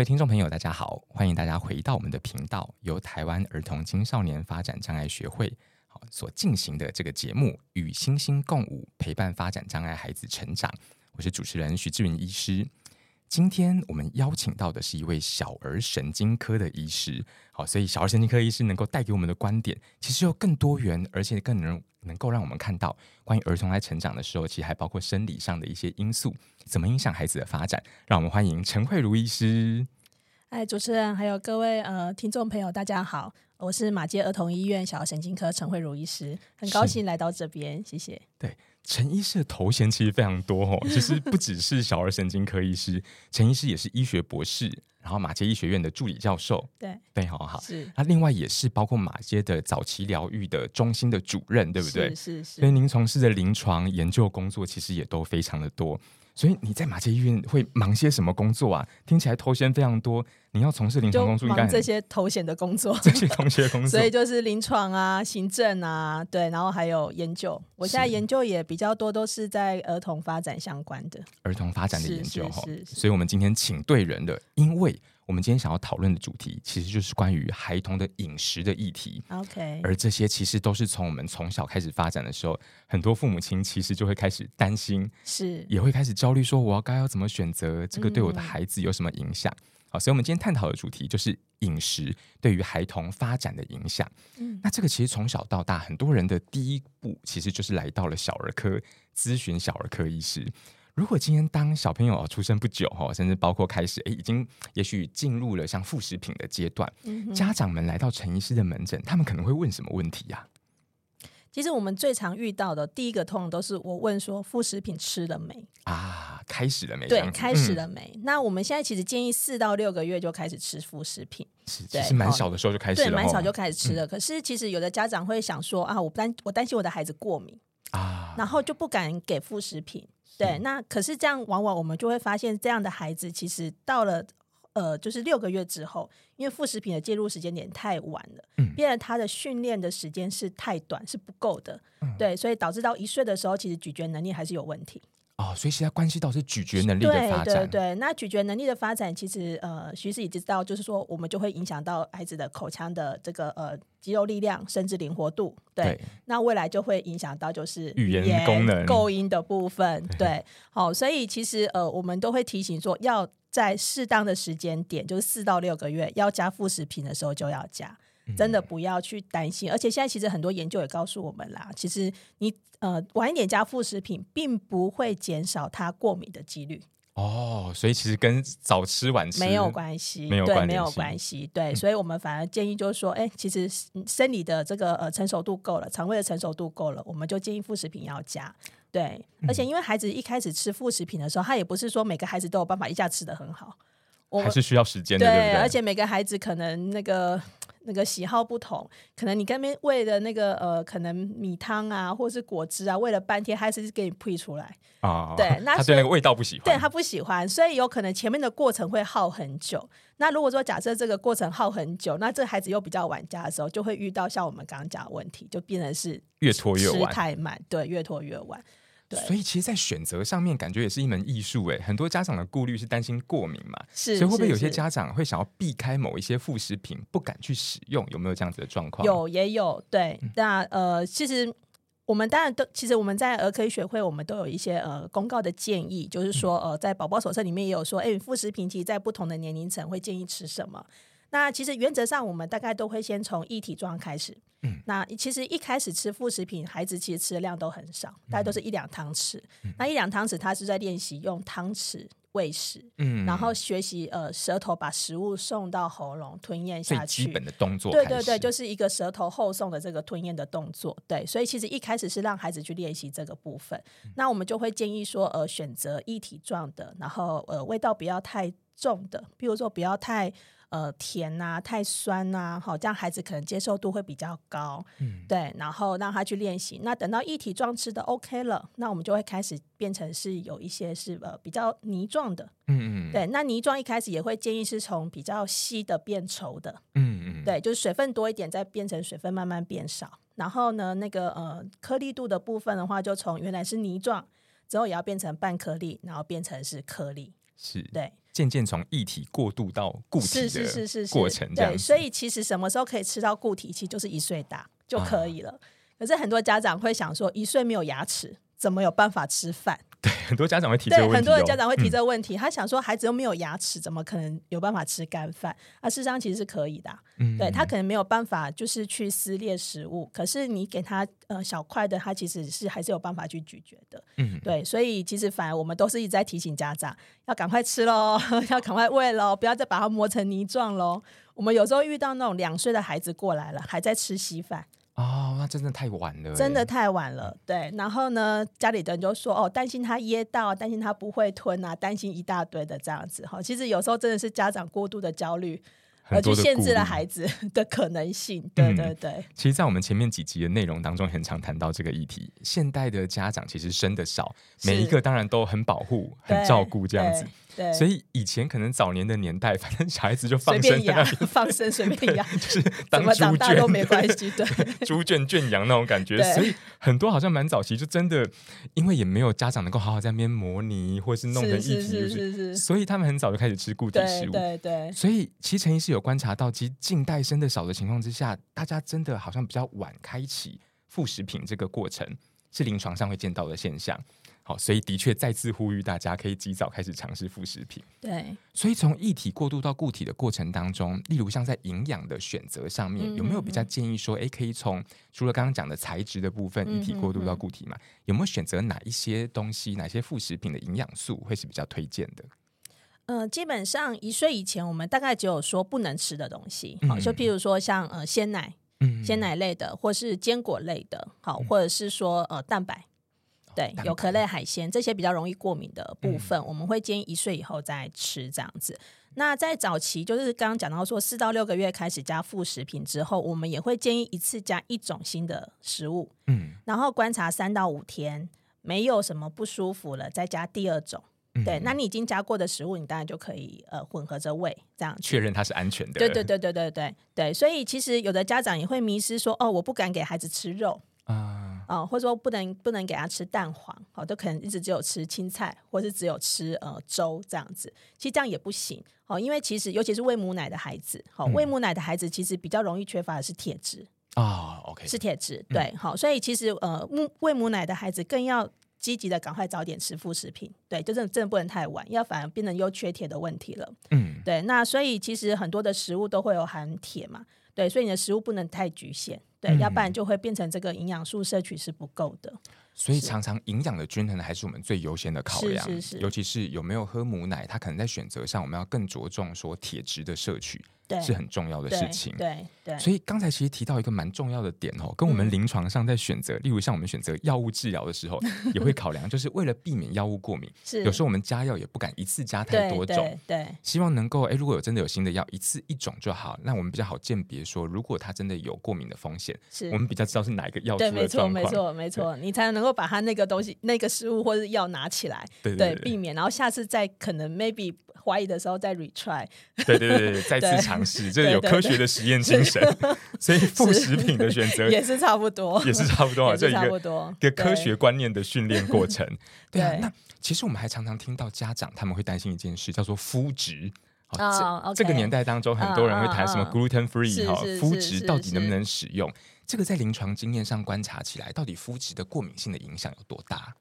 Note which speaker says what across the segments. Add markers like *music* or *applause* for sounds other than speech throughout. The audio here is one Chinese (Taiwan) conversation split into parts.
Speaker 1: 各位聽眾朋友，大家好！歡迎大家回到我們的頻道，由台灣兒童青少年發展障礙學會所進行的這個節目《與星星共舞》，陪伴發展障礙孩子成長。我是主持人徐志雲醫師。今天我們邀請到的是一位小兒神經科的醫師，好，所以小兒神經科醫師能夠帶給我們的觀點，其實有更多元，而且更能能夠讓我們看到關於兒童在成長的時候，其實還包括生理上的一些因素，怎麼影響孩子的發展。讓我們歡迎陳慧如醫師。
Speaker 2: 哎，主持人還有各位呃聽眾朋友，大家好，我是馬偕兒童醫院小兒神經科陳慧如醫師，很高興來到這邊，謝謝。
Speaker 1: 對。陳醫師的頭銜其實非常多哦，其實不只是小兒神經科醫師，陳醫師也是醫學博士。然後馬偕醫學院的助理教授，對，非常好，好是，那另外也是包括馬偕的早期療育的中心的主任，對不對？是是，是。所以您從事的臨床研究工作其實也都非常的多。所以你在馬偕醫院會忙些什麼工作啊？聽起來頭銜非常多，你要從事臨床工作應該，忙這
Speaker 2: 些頭銜的工作，這些頭
Speaker 1: 銜的工作， *laughs* 所以就
Speaker 2: 是臨床啊、行政啊，對，然後還有研究。我現在研究也比較多，都是在兒童發展相關的
Speaker 1: 兒童發展的研究是，是，是，是。所以我們今天請對人的，因為。我們今天想要討論的主題，其實就是關於孩童的飲食的議題。OK，而這些其實都是從我們從小開始發展的時候，很多父母親其實就會開始擔心，
Speaker 2: 是也會開
Speaker 1: 始焦慮，說我要該要怎麼選擇？這個對我的孩子有什麼影響？嗯。好，所以我們今天探討的主題就是飲食對於孩童發展的影響。嗯。那這個其實從小到大，很多人的第一步其實就是來到了小兒科，諮詢小兒科醫師。如果今天當小朋友出生不久哈，甚至包括開始哎，已經也許進入了像副食品的階段，嗯，家長們來到陳醫師的門診，他們可能會問什麼問題呀？啊？
Speaker 2: 其實我們最常遇到的第一個，通常，都是我問說副食品吃了沒啊？
Speaker 1: 開始了沒？對，開始了
Speaker 2: 沒，嗯？那我們現在其實建議四到六個月就開始吃副食品，是其實蠻小的時候就開始對，蠻小就開始吃了，嗯。可是其實有的家長會想說啊，我不擔我擔心我的孩子過敏啊，然後就不敢給副食品。對，那可是這樣，往往我們就會發現，這樣的孩子其實到了呃，就是六個月之後，因為副食品的介入時間點太晚了，嗯，變得他的訓練的時間是太短，是不夠的，嗯，對，所以導致到一歲的時候，其實咀嚼能力還是有問題。
Speaker 1: 哦，所以其他關係到是咀嚼能力的發展。對對，對，
Speaker 2: 對，那咀嚼能力的發展，其實呃，其實也知道，就是說，我們就會影響到孩子的口腔的這個呃肌肉力量，甚至靈活度對。對，那未來就會影響到就是言語言功能、構音的部分。對，好、哦，所以其實呃，我們都會提醒說，要在適當的時間點，就是四到六個月要加副食品的時候，就要加。真的不要去擔心、嗯，而且現在其實很多研究也告訴我們啦，其實你呃晚一點加副食品，並不會減少它過敏的幾率
Speaker 1: 哦。所以其實跟早吃晚吃沒有關係，沒有關係，沒有關
Speaker 2: 係。對，對嗯、所以我們反而建議就是說，哎、欸，其實生理的這個呃成熟度夠了，腸胃的成熟度夠了，我們就建議副食品要加。對、嗯，而且因為孩子一開始吃副食品的時候，他也不是說每個孩子都有辦法一下吃得很好，還是需要時間的，對，對不對？而且每個孩子可能那個。那個喜好不同，可能你跟邊餵的那個呃，可能米湯啊，或者是果汁啊，餵了半天還是給你配出來
Speaker 1: 啊、哦。對那，他對那個味道不喜歡，
Speaker 2: 對，他不喜歡，所以有可能前面的過程會耗很久。那如果說假設這個過程耗很久，那這孩子又比較晚加的時候，就會遇到像我們剛剛講的問題，就變成是
Speaker 1: 越拖越晚，吃太
Speaker 2: 慢，對，越拖越晚。
Speaker 1: 所以其實，在選擇上面，感覺也是一門藝術誒，很多家長的顧慮是擔心過敏嘛，是，所以會不會有些家長會想要避開某一些副食品，不敢去使用？有沒有這樣子的狀況？有
Speaker 2: 也有，對。嗯、那呃，其實我們當然都，其實我們在兒科學會，我們都有一些呃公告的建議，就是說呃，在寶寶手冊裡面也有說，誒、欸，副食品其實在不同的年齡層會建議吃什麼。那其實原則上，我們大概都會先從液體狀開始。嗯、那其實一開始吃副食品，孩子其實吃的量都很少，大概都是一兩湯匙。嗯、那一兩湯匙，他是在練習用湯匙餵食，嗯，然後學習呃舌頭把食物送到喉嚨吞嚥下去。最基
Speaker 1: 本的動作，對對對，就
Speaker 2: 是一個舌頭後送的這個吞嚥的動作。對，所以其實一開始是讓孩子去練習這個部分。嗯、那我們就會建議說，呃，選擇液體狀的，然後呃味道不要太重的，比如說不要太。呃，甜吶、啊，太酸吶、啊，好這樣孩子可能接受度會比較高，嗯，對，然後讓他去練習。那等到液體狀吃的 OK 了，那我們就會開始變成是有一些是呃比較泥狀的，嗯嗯，對。那泥狀一開始也會建議是從比較稀的變稠的，嗯嗯，對，就是水分多一點再變成水分慢慢變少。然後呢，那個呃顆粒度的部分的話，就從原來是泥狀之後也要變成半顆粒，然後變成是顆粒，
Speaker 1: 是對。漸漸從液體過渡到固體的過程是是是是是，對，所
Speaker 2: 以其實什麼時候可以吃到固體，其實就是一歲大就可以了。啊、可是很多家長會想說，一歲沒有牙齒，怎麼有辦法吃飯？
Speaker 1: 對，很多家長會提這問題、哦。對，很多的家長會提這個
Speaker 2: 問題、嗯，他想說孩子都沒有牙齒，怎麼可能有辦法吃乾飯？啊，事實上其實是可以的、啊。嗯，嗯，對他可能沒有辦法就是去撕裂食物，可是你給他呃小塊的，他其實是還是有辦法去咀嚼的。嗯，對，所以其實反而我們都是一直在提醒家長要趕快吃嘍，要趕快餵嘍，不要再把它磨成泥狀嘍。我們有時候遇到那種兩歲的孩子過來了，還在吃稀飯。
Speaker 1: 哦，那真的太晚了、欸，真的
Speaker 2: 太晚了。對，然後呢，家裡的人就說哦，擔心他噎到，擔心他不會吞啊，擔心一大堆的這樣子哈、哦。其實有時候真的是家長過度的焦慮，
Speaker 1: 的而去限制了孩
Speaker 2: 子的可能性。對對對。嗯、
Speaker 1: 其實，在我們前面幾集的內容當中，很常談到這個議題。現代的家長其實生得少，每一個當然都很保護、很照顧這樣子。對，所以以前可能早年的年代，反正小孩子就放生一放
Speaker 2: 生隨便養， *laughs* 就是當豬怎麼長大都沒關係，對對，
Speaker 1: 豬圈圈養那種感覺。所以很多好像蠻早期就真的，因為也沒有家長能夠好好在那邊磨泥，或是弄成一體，就是，是，是，是，是，是所以他們很早就開始吃固體食物，對對，對。所以其實陳醫師有觀察到，其實近代生的少的情況之下，大家真的好像比較晚開啟副食品這個過程。是臨床上會見到的現象，好，所以的確再次呼籲大家可以及早開始嘗試副食品。對，所以從液體過渡到固體的過程當中，例如像在營養的選擇上面，嗯嗯嗯有沒有比較建議說，哎，可以從除了剛剛講的材質的部分，液體過渡到固體嘛，嗯嗯嗯，有沒有選擇哪一些東西，哪些副食品的營養素會是比較推薦的？嗯、
Speaker 2: 呃，基本上一歲以前，我們大概只有說不能吃的東西，好，就譬如說像呃鮮奶。鮮奶類的，或是堅果類的，好，嗯、或者是說呃蛋白，對，有殼類海鮮這些比較容易過敏的部分，嗯、我們會建議一歲以後再吃這樣子。那在早期，就是剛剛講到說四到六個月開始加副食品之後，我們也會建議一次加一種新的食物，嗯，然後觀察三到五天，沒有什麼不舒服了，再加第二種。對，那你已經加過的食物，你當然就可以呃混合着餵，這樣確
Speaker 1: 認它是安全的。對對對
Speaker 2: 對對對對，對，所以其實有的家長也會迷思說，說哦，我不敢給孩子吃肉啊啊、呃呃，或者說不能不能給他吃蛋黃，哦，都可能一直只有吃青菜，或是只有吃呃粥這樣子。其實這樣也不行哦，因為其實尤其是餵母奶的孩子，哦、嗯，餵母奶的孩子其實比較容易缺乏的是鐵質哦，OK，是鐵質，對，好、嗯哦，所以其實呃，母餵母奶的孩子更要。積極的，趕快早點吃副食品，對，就是真的不能太晚，要反而變成又缺鐵的問題了。嗯，對，那所以其實很多的食物都會有含鐵嘛，對，所以你的食物不能太局限，對，嗯、要不然就會變成這個營養素攝取是不夠的。
Speaker 1: 所以常常營養的均衡還是我們最優先的考量，是是是是，尤其是有沒有喝母奶，它可能在選擇上我們要更着重說鐵質的攝取。是很重要的事情。對，對，對。所以剛才其實提到一個蠻重要的點哦，跟我們臨床上在選擇，嗯、例如像我們選擇藥物治療的時候， *laughs* 也會考量，就是為了避免藥物過敏。是，有時候我們加藥也不敢一次加太多種。對，對，對，希望能夠哎，如果有真的有新的藥，一次一種就好。那我們比較好鑑別說，如果它真的有過敏的風險，是我們比較知道是哪一個藥的對，沒錯，沒錯，
Speaker 2: 沒錯，你才能夠把它那個東西那個食物或者藥拿起來，對，對，對，對，避免，然後下次再可能 maybe。懷疑的時候再 retry，對對對，再次嘗試，這 *laughs* 是有科學的實驗精神對
Speaker 1: 對對對。 *laughs* 所以副食品的選擇也是差不多，也是差不多啊，這一個對一個科學觀念的訓練過程。對啊，對，那其實我們還常常聽到家長他們會擔心一件事，叫做麩質。啊、哦，oh, okay. 這個年代當中很多人會談什麼 gluten free 哈，麩、哦、質到底能不能使用？這個在臨床經驗上觀察起來，到底麩質的過敏性的影響有多大？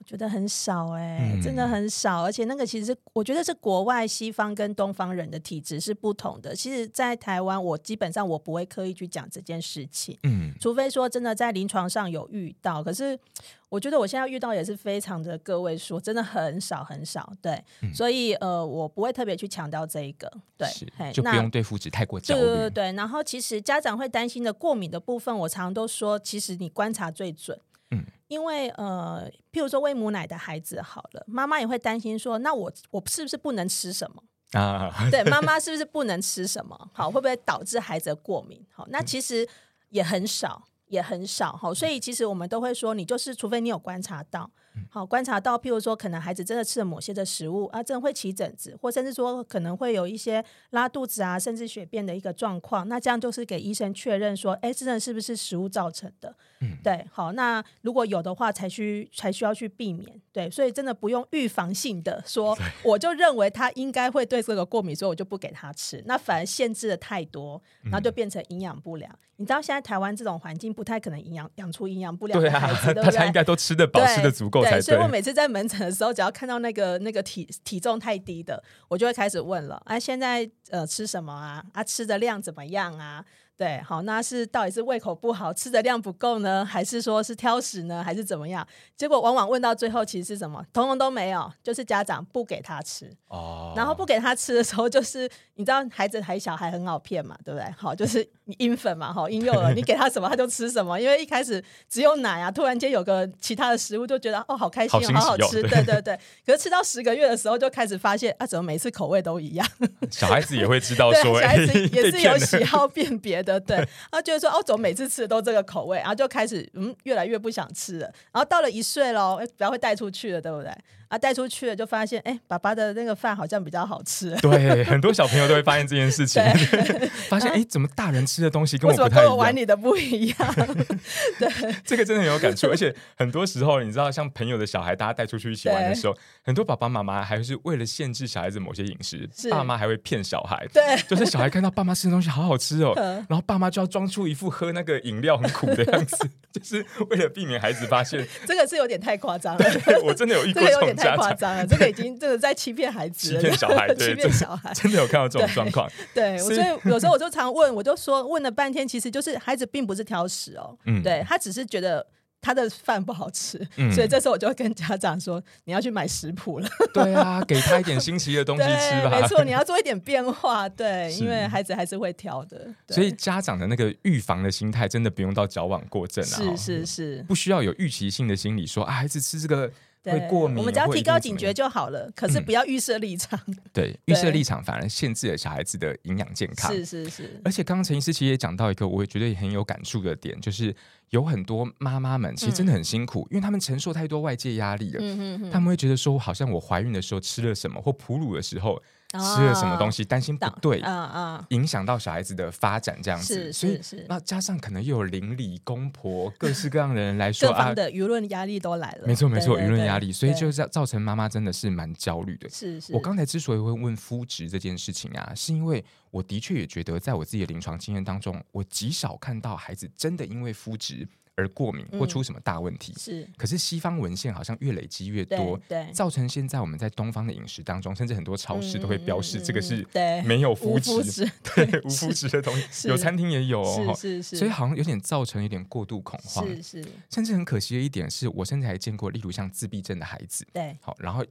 Speaker 2: 我覺得很少哎、欸，真的很少、嗯，而且那個其實我覺得是國外西方跟東方人的體質是不同的。其實，在台灣，我基本上我不會刻意去講這件事情，嗯，除非說真的在臨床上有遇到。可是，我覺得我現在遇到也是非常的個位數，真的很少很少。對、嗯，所以呃，我不會特別去強調這一個，對，是就不用對
Speaker 1: 麩質太過焦慮。對，對對
Speaker 2: 對。然後，其實家長會擔心的過敏的部分，我常常都說，其實你觀察最準。因為呃，譬如說餵母奶的孩子好了，媽媽也會擔心說，那我我是不是不能吃什麼
Speaker 1: 啊？對， *laughs* 媽媽是
Speaker 2: 不是不能吃什麼？好，會不會導致孩子過敏？好，那其實也很少，也很少哈。好，所以其實我們都會說，你就是除非你有觀察到。好，觀察到，譬如說，可能孩子真的吃了某些的食物啊，真的會起疹子，或甚至說可能會有一些拉肚子啊，甚至血便的一個狀況，那這樣就是給醫生確認說，哎，這真的是不是食物造成的？嗯，對。好，那如果有的話，才需才需要去避免。對，所以真的不用預防性的說，我就認為他應該會對這個過敏，所以我就不給他吃，那反而限制的太多，然後就變成營養不良。嗯、你知道現在台灣這種環境，不太可能營養養出營養不良的孩子。對啊，大家應該都吃的飽、吃的足夠。對，對，所以我每次在門診的時候，只要看到那個那個體體重太低的，我就會開始問了啊，現在呃吃什麼啊？啊，吃的量怎麼樣啊？對，好，那是到底是胃口不好，吃的量不夠呢，還是說是挑食呢，還是怎麼樣？結果往往問到最後，其實是什麼，統統都沒有，就是家長不給他吃。哦。然後不給他吃的時候，就是你知道孩子還小，還很好騙嘛，對不對？好，就是嬰粉嘛，哈，嬰幼兒，你給他什麼，他，什麼他就吃什麼，因為一開始只有奶啊，突然間有個其他的食物，就覺得哦，好開心，好好，好吃，對，對對對。可是吃到十個月的時候，就開始發現啊，怎麼每次口味都一樣？
Speaker 1: 小孩子也會知道說對對，小孩子也是有喜好
Speaker 2: 辨別的。對，然後覺得說，哦，怎麼每次吃的都這個口味，然後就開始嗯，越來越不想吃了。然後到了一歲了，比較會帶出去了，對不對？啊，帶出去了就發現，哎、欸，爸爸的那個飯好像比較好吃。對，很多
Speaker 1: 小朋友都會發現這件事情， *laughs* 對 *laughs* 發現哎、啊欸，怎麼大人吃的東西跟我不太一樣？跟我玩你
Speaker 2: 的不一樣？
Speaker 1: *laughs* 對，這個真的很有感觸， *laughs* 而且很多時候，你知道，像朋友的小孩，大家帶出去一起玩的時候，很多爸爸媽媽還是為了限制小孩子某些飲食，是爸媽還會騙小孩，對，就是小孩看到爸媽吃的東西好好吃哦，然後爸媽就要裝出一副喝那個飲料很苦的樣子， *laughs* 就是為了避免孩子發現。
Speaker 2: 這個是有點太誇張了，
Speaker 1: 對，我真的有遇過。這個太誇張了，這
Speaker 2: 個已經這個在欺騙孩子了，欺騙小孩，對呵呵，欺騙小孩真，真的有看到這種狀況。對，對，所以有時候我就常問，我就說，問了半天，其實就是孩子並不是挑食哦、喔嗯，對他只是覺得他的飯不好吃、嗯，所以這時候我就跟家長說，你要去買食譜了、嗯。對啊，給
Speaker 1: 他一點新奇的東西吃吧，沒錯，你要
Speaker 2: 做一點變化。對，因為孩子還是會挑的，
Speaker 1: 所以家長的那個預防的心態真的不用到矯枉過正啊、喔，是，是是是，不需要有預期性的心理說啊，孩子吃這個。會過敏，我們只要提高警
Speaker 2: 覺就好了。嗯、可是不要預設立場。
Speaker 1: 對，預設立場反而限制了小孩子的營養健康。是是是。而且剛剛陳醫師其實也講到一個我也覺得很有感觸的點，就是有很多媽媽們其實真的很辛苦、嗯，因為他們承受太多外界壓力了、嗯哼哼。他們會覺得說，好像我懷孕的時候吃了什麼，或哺乳的時候。吃了什麼東西，擔、啊、心不對，啊啊、影響到小孩子的發展這樣子，所以是那加上可能又有鄰里、公婆，各式各樣的人來說啊，
Speaker 2: 輿論壓力都來了，啊啊、沒錯沒錯，輿論壓力，所以就是
Speaker 1: 造成媽媽真的是蠻焦慮的。是是，我剛才之所以會問麩質這件事情啊，是因為我的確也覺得，在我自己的臨床經驗當中，我極少看到孩子真的因為麩質。而過敏或出什麼大問題、嗯、是，可是西方文獻好像越累積越多對對，造成現在我們在東方的飲食當中，甚至很多超市都會標示這個是沒有麩質、嗯、對，對，無麩質的東西，有餐廳也有，哦，是是，是，是，所以好像有點造成一點過度恐慌，是是，甚至很可惜的一點是我甚至還見過，例如像自閉症的孩子，對，好，然後。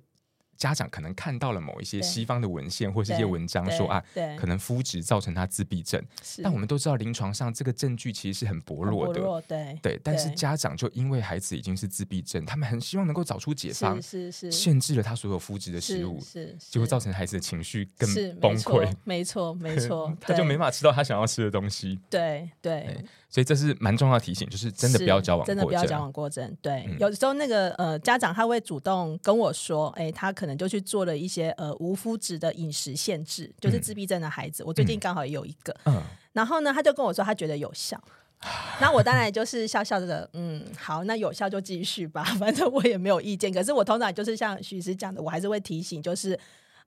Speaker 1: 家長可能看到了某一些西方的文獻或是一些文章說對對對對啊，可能麩質造成他自閉症，但我們都知道臨床上這個證據其實是很薄弱的。薄弱
Speaker 2: 對對、對，但是家
Speaker 1: 長就因為孩子已經是自閉症，他們很希望能夠找出解方，是是、是，限制了他所有麩質的食物，是，就會造成孩子的情緒更崩潰。沒錯沒錯，沒錯沒錯 *laughs* 他就沒法吃到他想要吃的東西。對對。欸所以這是蠻重要的提醒，就是真的不要矯枉過正，真的不要矯枉
Speaker 2: 過正。對、嗯，有時候那個呃家長他會主動跟我說，哎、欸，他可能就去做了一些呃無麩質的飲食限制，就是自閉症的孩子。我最近剛好也有一個、嗯，然後呢，他就跟我說他覺得有效。嗯、那我當然就是笑笑的、這個，嗯，好，那有效就繼續吧，反正我也沒有意見。可是我通常就是像許醫師講的，我還是會提醒，就是。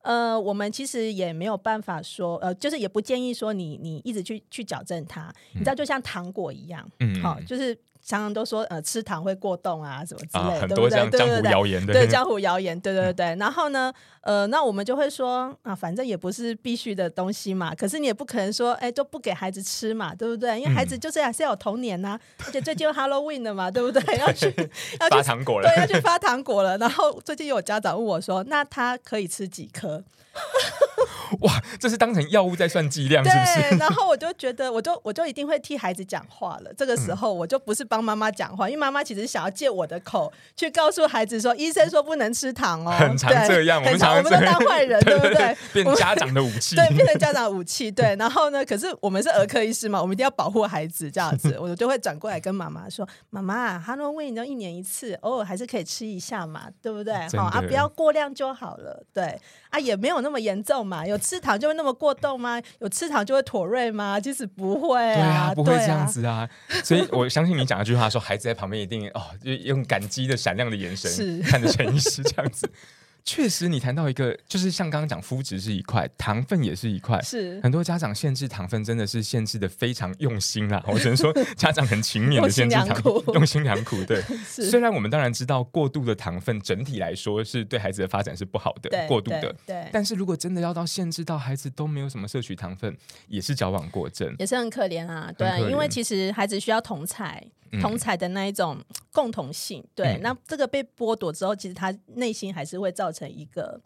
Speaker 2: 呃，我們其實也沒有辦法說，呃，就是也不建議說你你一直去去矯正它，嗯、你知道，就像糖果一樣，嗯、好，就是。常常都說，呃，吃糖會過動啊，什麼之類的、啊，對不對？像江湖謠言，對。對，江湖謠言，對，、嗯、對，江湖謠言，對對對，然後呢，呃，那我們就會說，啊，反正也不是必須的東西嘛。可是你也不可能說，哎，都不給孩子吃嘛，對不對？因為孩子就是、嗯、還是要有童年吶、啊，而且最近有 Halloween 的嘛， *laughs* 對不對？要
Speaker 1: 去，要去發糖果了，對，要去發
Speaker 2: 糖果了。然後最近有家長問我說，那他可以吃幾顆？
Speaker 1: *laughs* 哇，這是當成藥物在算劑量，是不是？對？然
Speaker 2: 後我就覺得，我就我就一定會替孩子講話了。這個時候，我就不是幫媽媽講話，因為媽媽其實想要借我的口去告訴孩子說，醫生說不能吃糖哦。很常這樣，我們常，常，常我們都當壞人，對不對，對？對對對變家長
Speaker 1: 的武器，對，變成家
Speaker 2: 長的武器。對，然後呢？可是我們是兒科醫師嘛，我們一定要保護孩子。這樣子， *laughs* 我就會轉過來跟媽媽說：“媽媽 Hello 喂，Week, 你都一年一次，偶、哦、爾還是可以吃一下嘛，對不對？好啊，不要過量就好了。對，啊，也沒有。”那麼嚴重嘛？有吃糖就會那麼過動嗎？有吃糖就會妥瑞嗎？其實不會啊，對啊，不會這樣
Speaker 1: 子啊。啊所以我相信你講一句話，說孩子在旁邊一定哦，用感激的閃亮的眼神是看着陳醫師這樣子。 *laughs* 確實，你談到一個，就是像剛剛講，麩質是一塊，糖分也是一塊。是很多家長限制糖分，真的是限制得非常用心啊！ *laughs* 我只能說，家長很勤勉的限制糖，用心良苦。對，雖然我們當然知道，過度的糖分整體來說是對孩子的發展是不好的，過度的對。對。但是如果真的要到限制到孩子都沒有什麼攝取糖分，也是矯枉過正，
Speaker 2: 也是很可憐啊。對啊，因為其實孩子需要同彩同彩的那一種。嗯共同性對、欸，那這個被剝奪之後，其實他內心還是會造成一個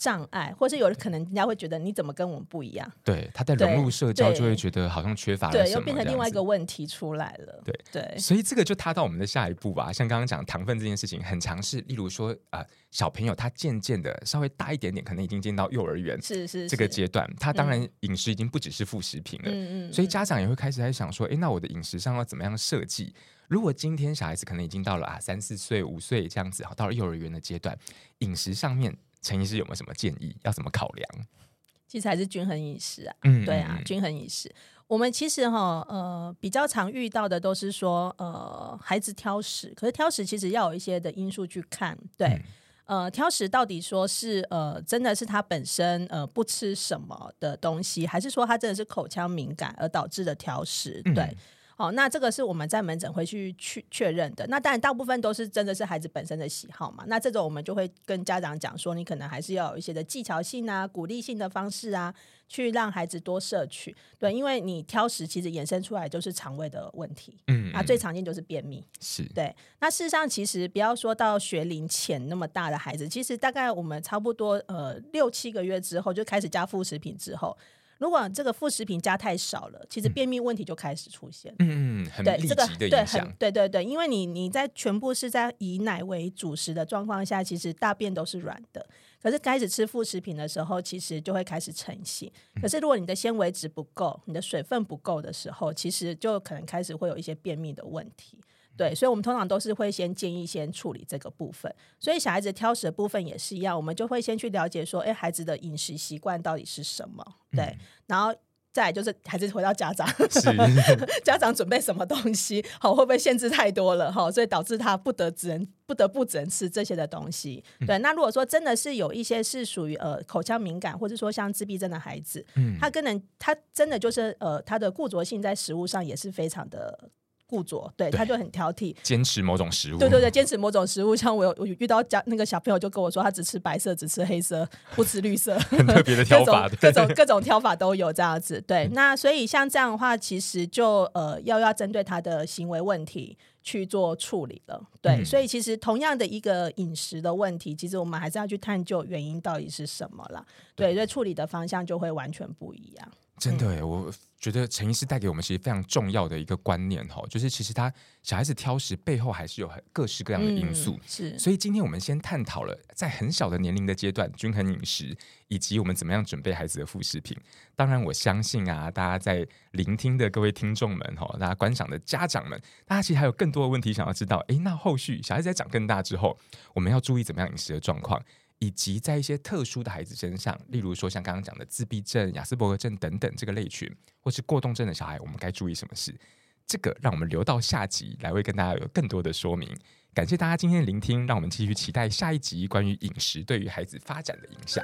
Speaker 2: 障礙，或是有可能人家會覺得你怎麼跟我們不一樣？
Speaker 1: 對，他在融入社交就會覺得好像缺乏了什麼對，對，對，又變成另外一個
Speaker 2: 問題出來了。
Speaker 1: 對對，所以這個就踏到我們的下一步吧。像剛剛講糖分這件事情很常是，例如說啊、呃，小朋友他漸漸的稍微大一點點，可能已經進到幼兒園，是是這個階段是是是，他當然飲食已經不只是副食品了。嗯嗯，所以家長也會開始在想說，哎，那我的飲食上要怎麼樣設計？如果今天小孩子可能已經到了啊三四歲、五歲這樣子好，到了幼兒園的階段，飲食上面。陳醫師有沒有什麼建議？要怎麼考量？
Speaker 2: 其實還是均衡飲食啊，嗯，嗯，對啊，均衡飲食。我們其實哈，呃，比較常遇到的都是說，呃，孩子挑食。可是挑食其實要有一些的因素去看，對，嗯、呃，挑食到底說是呃，真的是他本身呃不吃什麼的東西，還是說他真的是口腔敏感而導致的挑食？嗯、對。哦，那這個是我們在門診會去去確認的。那當然，大部分都是真的是孩子本身的喜好嘛。那這種我們就會跟家長講說，你可能還是要有一些的技巧性啊、鼓勵性的方式啊，去讓孩子多攝取。對，因為你挑食，其實衍生出來就是腸胃的問題。
Speaker 1: 嗯，啊，最常
Speaker 2: 見就是便秘。是對。那事實上，其實不要說到學齡前那麼大的孩子，其實大概我們差不多呃六七個月之後就開始加副食品之後。如果這個副食品加太少了，其實便秘問題就開始出現。嗯
Speaker 1: 嗯，對這個的影響，對，很，
Speaker 2: 對對對，因為你你在全部是在以奶為主食的狀況下，其實大便都是軟的。可是開始吃副食品的時候，其實就會開始成型。可是如果你的纖維質不夠，你的水分不夠的時候，其實就可能開始會有一些便秘的問題。對，所以，我們通常都是會先建議先處理這個部分。所以，小孩子挑食的部分也是一樣，我們就會先去了解說，哎，孩子的飲食習慣到底是什麼？對，嗯、然後再來就是還是回到家長呵呵，家長準備什麼東西？好，會不會限制太多了？哈，所以導致他不得只能不得不只能吃這些的東西。對、嗯，那如果說真的是有一些是屬於呃口腔敏感，或者說像自閉症的孩子，嗯，他可能他真的就是呃他的固着性在食物上也是非常的。固着，對，他就很挑剔，
Speaker 1: 堅持某種食物，對對對，
Speaker 2: 堅持某種食物。像我有我遇到家那個小朋友就跟我說，他只吃白色，只吃黑色，不吃綠色，很特別的挑法，各種，各種，各種，各種挑法都有這樣子。對、嗯，那所以像這樣的話，其實就呃要要針對他的行為問題去做處理了。對、嗯，所以其實同樣的一個飲食的問題，其實我們還是要去探究原因到底是什麼了。對，所以處理的方向就會完全不一樣。
Speaker 1: 真的、嗯，我覺得陳醫師帶給我們其實非常重要的一個觀念哈，就是其實他小孩子挑食背後還是有各式各樣的因素。嗯、是，所以今天我們先探討了在很小的年齡的階段均衡飲食，以及我們怎麼樣準備孩子的副食品。當然，我相信啊，大家在聆聽的各位聽眾們哈，大家觀賞的家長們，大家其實還有更多的問題想要知道。誒，那後續小孩子在長更大之後，我們要注意怎麼樣飲食的狀況。以及在一些特殊的孩子身上，例如說像剛剛講的自閉症、亞斯伯格症等等這個類群，或是過動症的小孩，我們該注意什麼事？這個讓我們留到下集來，會跟大家有更多的說明。感謝大家今天的聆聽，讓我們繼續期待下一集關於飲食對於孩子發展的影響。